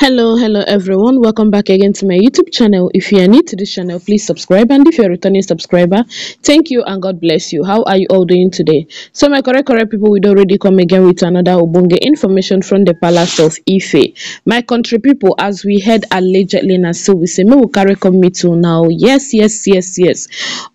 hello hello everyone welcome back again to my youtube channel if you are new to this channel please subscribe and if you're a returning subscriber thank you and god bless you how are you all doing today so my correct correct people we would already come again with another ubunge information from the palace of ife my country people as we heard allegedly now so we say me will carry come me to now yes yes yes yes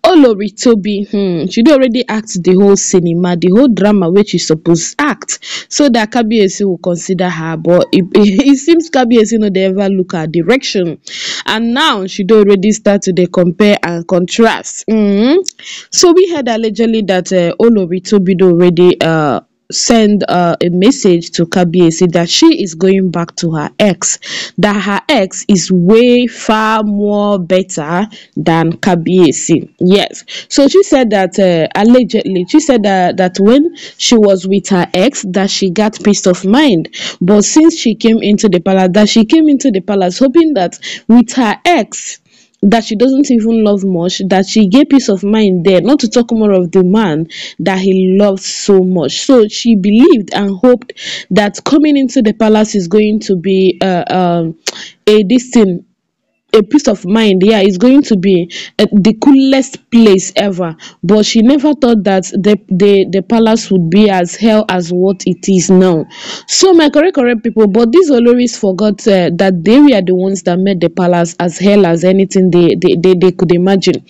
olori toby hmm she already act the whole cinema the whole drama which she supposed act so that kabiyesi will consider her but it, it, it seems kabiyesi Obiezino they ever look her direction. And now she do already start to compare and contrast. Mm -hmm. So we heard allegedly that uh, Olori Tobido already uh, send uh, a message to Kabiesi that she is going back to her ex, that her ex is way far more better than Kabiesi. Yes. So she said that uh, allegedly, she said that, that when she was with her ex, that she got peace of mind. But since she came into the palace, that she came into the palace hoping that with her ex, that she doesn't even love much, that she gave peace of mind there, not to talk more of the man that he loved so much. So she believed and hoped that coming into the palace is going to be uh, um, a this a peace of mind yeah it's going to be eh, the coolest place ever but she never thought that the, the the palace would be as hell as what it is now so my correct correct people but these oloris forgot uh, that they were the ones that made the palace as hell as anything they they, they, they could imagine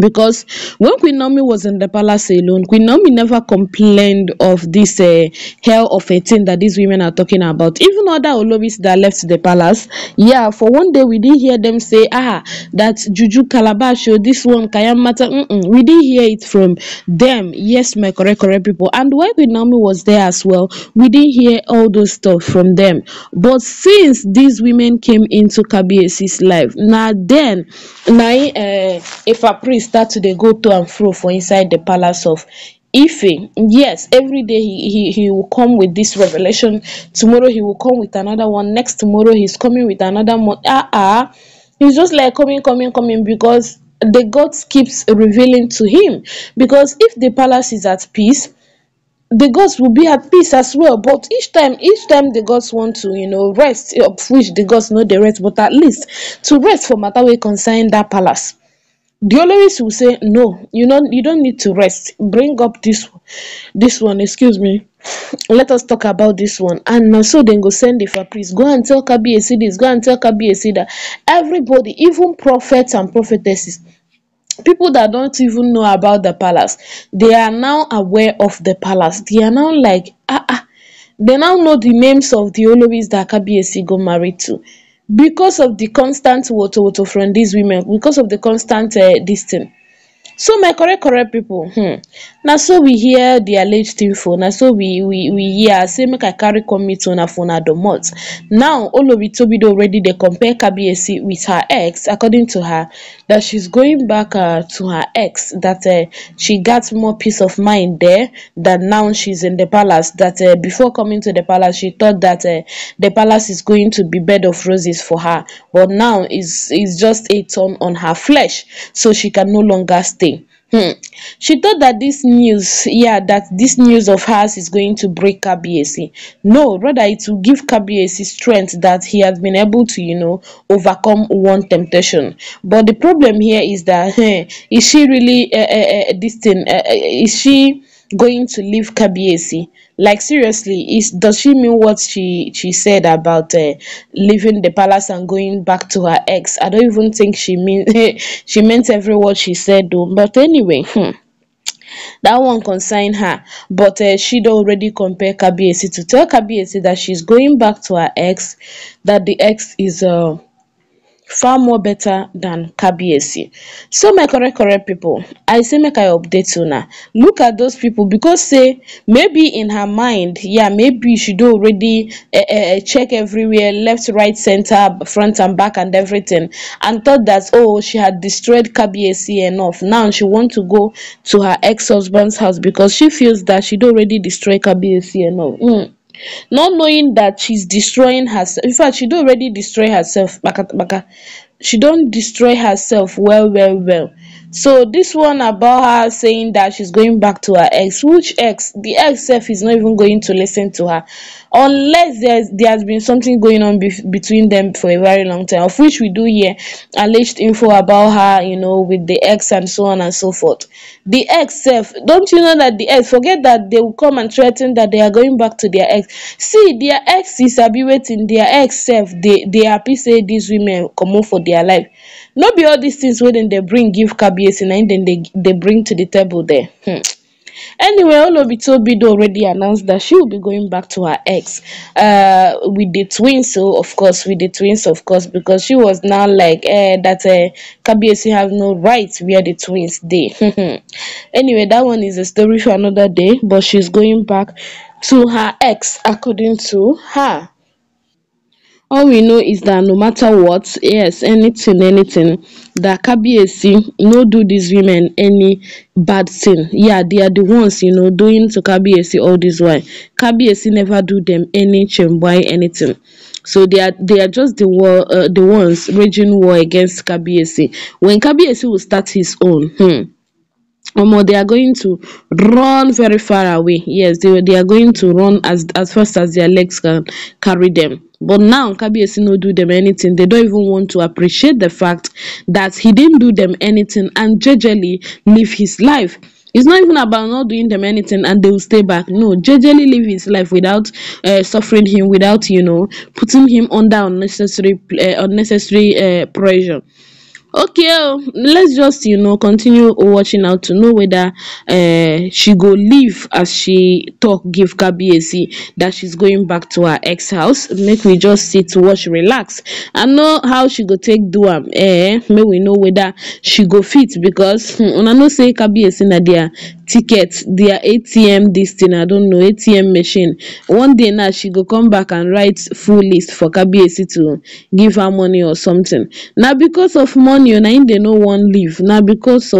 because when Queen Naomi was in the palace alone, Queen Naomi never complained of this uh, hell of a thing that these women are talking about. Even other Olobis that left the palace, yeah, for one day we did hear them say, ah, that Juju Calabash or oh, this one Kayamata. Mm -mm. We did hear it from them. Yes, my correct, correct people. And when Queen Naomi was there as well, we didn't hear all those stuff from them. But since these women came into KBAC's life, now then, now uh, if a priest start to dey go to and fro for inside the palace of Ife. Yes, every day he, he, he will come with this revelation. Tomorrow he will come with another one. Next tomorrow he's coming with another one. Ah, ah. He's just like coming, coming, coming because the gods keeps revealing to him. Because if the palace is at peace, the gods will be at peace as well but each time each time the gods want to you know rest of which the gods know the rest but at least to rest for matter we concern that palace the Dioloris will say, No, you know you don't need to rest. Bring up this this one, excuse me. Let us talk about this one. And now so then go send the Fabrice. Go and tell Kabiesi this, go and tell Kabiesi that. Everybody, even prophets and prophetesses, people that don't even know about the palace, they are now aware of the palace. They are now like, ah, ah. They now know the names of the Oloris that Kabiesi go married to because of the constant water, water from these women because of the constant uh, this thing so my correct correct people. um so we hear the alleged info Now so we we we hear say make i carry come meet phone for una domot now olori tobido already They compare kabiyesi with her ex according to her that shes going back uh, to her ex That uh, she got more peace of mind there than now shes in the palace That uh, before coming to the palace she thought that uh, the palace is going to be bed of roses for her but now is is just a turn on her flesh so she can no longer stay Hmm. she thought that this news yeah that this news of hers is going to break kbac no rather it will give kbac strength that he has been able to you know overcome one temptation but the problem here is that is hmm, is she really uh, uh, thing uh, is she going to leave Kabiesi. Like seriously, is does she mean what she she said about uh, leaving the palace and going back to her ex? I don't even think she means she meant every word she said though. But anyway, hmm that one concern her but uh, she'd already compare kabiesi to tell kabiesi that she's going back to her ex that the ex is uh far more better than kabiyesi so my correct correct people i say make i update una look at those people because say maybe in her mind yeah maybe she do already uh, uh, check everywhere left right center front and back and everything and thought that oh she had destroyed kabiyesi enough now she want to go to her ex-husband's house because she feels that she do already destroy kabiyesi enough mm not knowing that she's destroying herself. In fact, she don't already destroy herself. She don't destroy herself well, well, well so this one about her saying that she's going back to her ex which ex the ex self is not even going to listen to her unless there's there has been something going on between them for a very long time of which we do hear alleged info about her you know with the ex and so on and so forth the ex self don't you know that the ex forget that they will come and threaten that they are going back to their ex see their ex is abi their ex self they they happy say these women come for their life no be all these things wey dem dey bring give kabiyesi na Then dem dey bring to the table there um anyway olobisi don already announced that she will be going back to her ex uh, with the twins So of course with the twins of course because she was now like eh dat eh have no We are the twins dey hmm. anyway that one is a story for another day but she's going back to her ex according to her all we know is that no matter what yes anything, anything, dat kabiyesi no do these women any bad thing. yeah they are the ones you know doing to kabiyesi all this while kabiyesi never do them any chegbai anything. so they are they are just the war uh, the ones raging war against kabiyesi when kabiyesi will start his own hmm Omo, they are going to run very far away. Yes, they, they are going to run as as fast as their legs can carry them. But now Kabiesi no do them anything. They don't even want to appreciate the fact that he didn't do them anything and jejely live his life. It's not even about not doing them anything and they will stay back. No, jejely live his life without uh, suffering him, without you know putting him under unnecessary uh, unnecessary uh, pressure okay um, let's just you know continue watching out to know whether uh she go leave as she talk give see that she's going back to her ex house make we just sit watch relax and know how she go take do am eh. May we know whether she go fit because when hmm, I know say kabiyesi na their ticket their atm this thing i don't know atm machine one day now she go come back and write full list for K B A C to give her money or something Now because of money union na im dey no wan leave na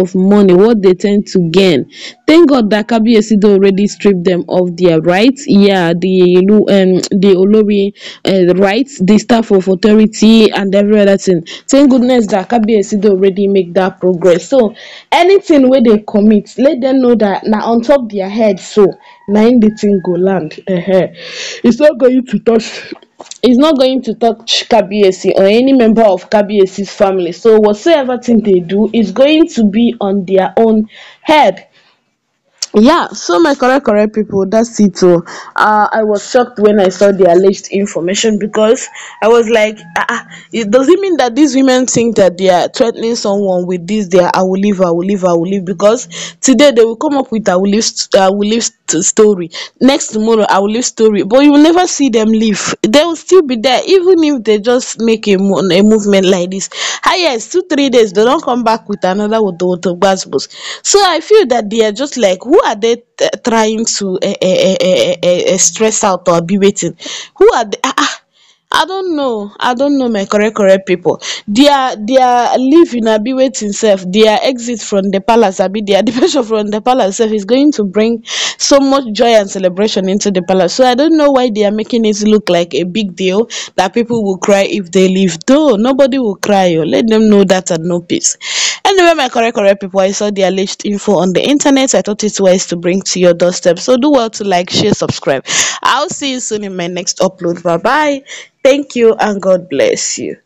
of money what dey tend to gain thank god dat kabiyesi don already strip dem of dia rights yeah di um di olori um rights di staff of authority and every oda tin thank goodness dat kabiyesi don already make dat progress so anytin wey dey commit let dem know dat na on top dia head so na im di tin go land um its not going to touch is not going to touch KBSC or any member of KBSC's family. So whatsoever thing they do is going to be on their own head. Yeah, so my correct correct people, that's it. So oh. uh, I was shocked when I saw the alleged information because I was like, ah, ah it doesn't mean that these women think that they are threatening someone with this. They are, I will leave, I will leave, I will leave because today they will come up with I will leave, I will leave story next tomorrow i will leave story but you will never see them leave they will still be there even if they just make a, mo- a movement like this ah yes two three days they don't come back with another water water bus so i feel that they are just like who are they trying to uh, uh, uh, uh, stress out or be waiting who are they ah, i don't know i don't know my correct correct are, they are leaving I be wetin They are exit from the palace I abi dia departure from the palace Self is going to bring so much joy and celebration into the palace so i don't know why they are making it look like a big deal that people will cry if they leave though nobody will cry oh let them know that and no peace Anyway, my correct, correct people, I saw the alleged info on the internet. I thought it's wise to bring to your doorstep. So do well to like, share, subscribe. I'll see you soon in my next upload. Bye bye. Thank you and God bless you.